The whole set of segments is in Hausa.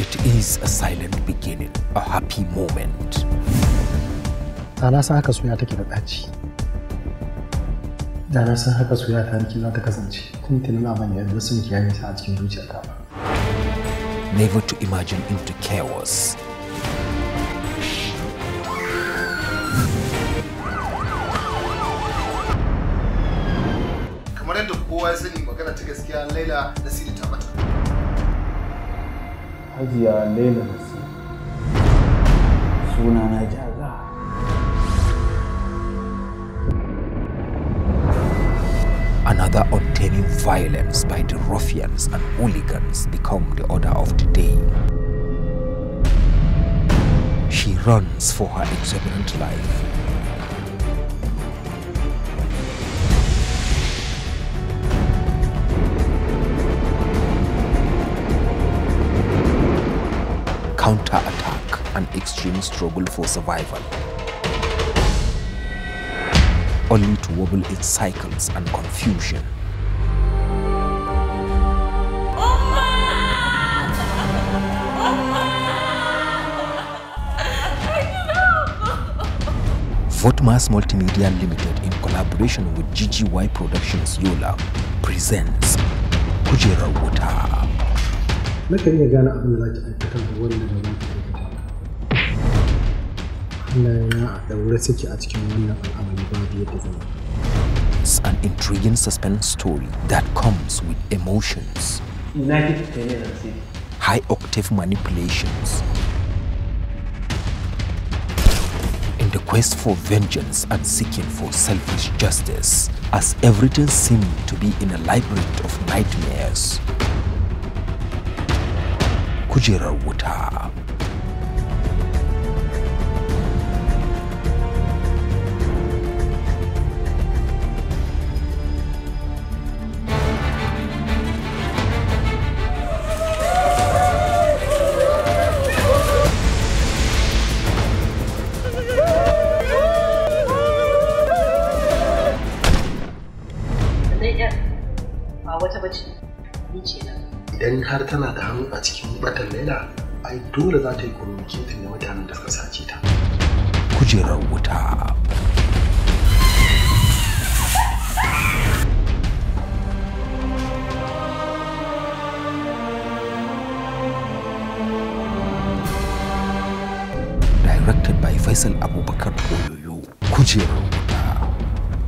It is a silent beginning, a happy moment. Da san haka soya take da ɗaci. Da san haka soya ta niki za ta kasance. Tun tunan abin ya yadda sun kiyaye sa a cikin zuciyarka ba. Never to imagine into chaos. Kamar yadda kowa ya sani magana ta gaskiya Laila da Sidi ta bata. hajiya nasi suna na jaga Another obtaining violence by the ruffians and hooligans become the order of the day. She runs for her exuberant life counterattack, an extreme struggle for survival, only to wobble in cycles and confusion. Votmas Multimedia Limited in collaboration with GGY Productions Yola presents Kujira Water nakan iya gane abin da aikata da da aikata a cikin wannan al'amari It's an intriguing suspense story that comes with emotions, high octave manipulations, in the quest for vengeance and seeking for selfish justice, as everything seemed to be in a labyrinth of nightmares. kujerar wuta wata bace ni ce nan idan har tana da hannu a cikin batan laila ai dole za ta yi communicating da mutanen da suka sace ta kujerar wuta Directed by Faisal Abubakar Oyoyo, Kujerar Wuta,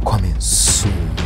coming soon.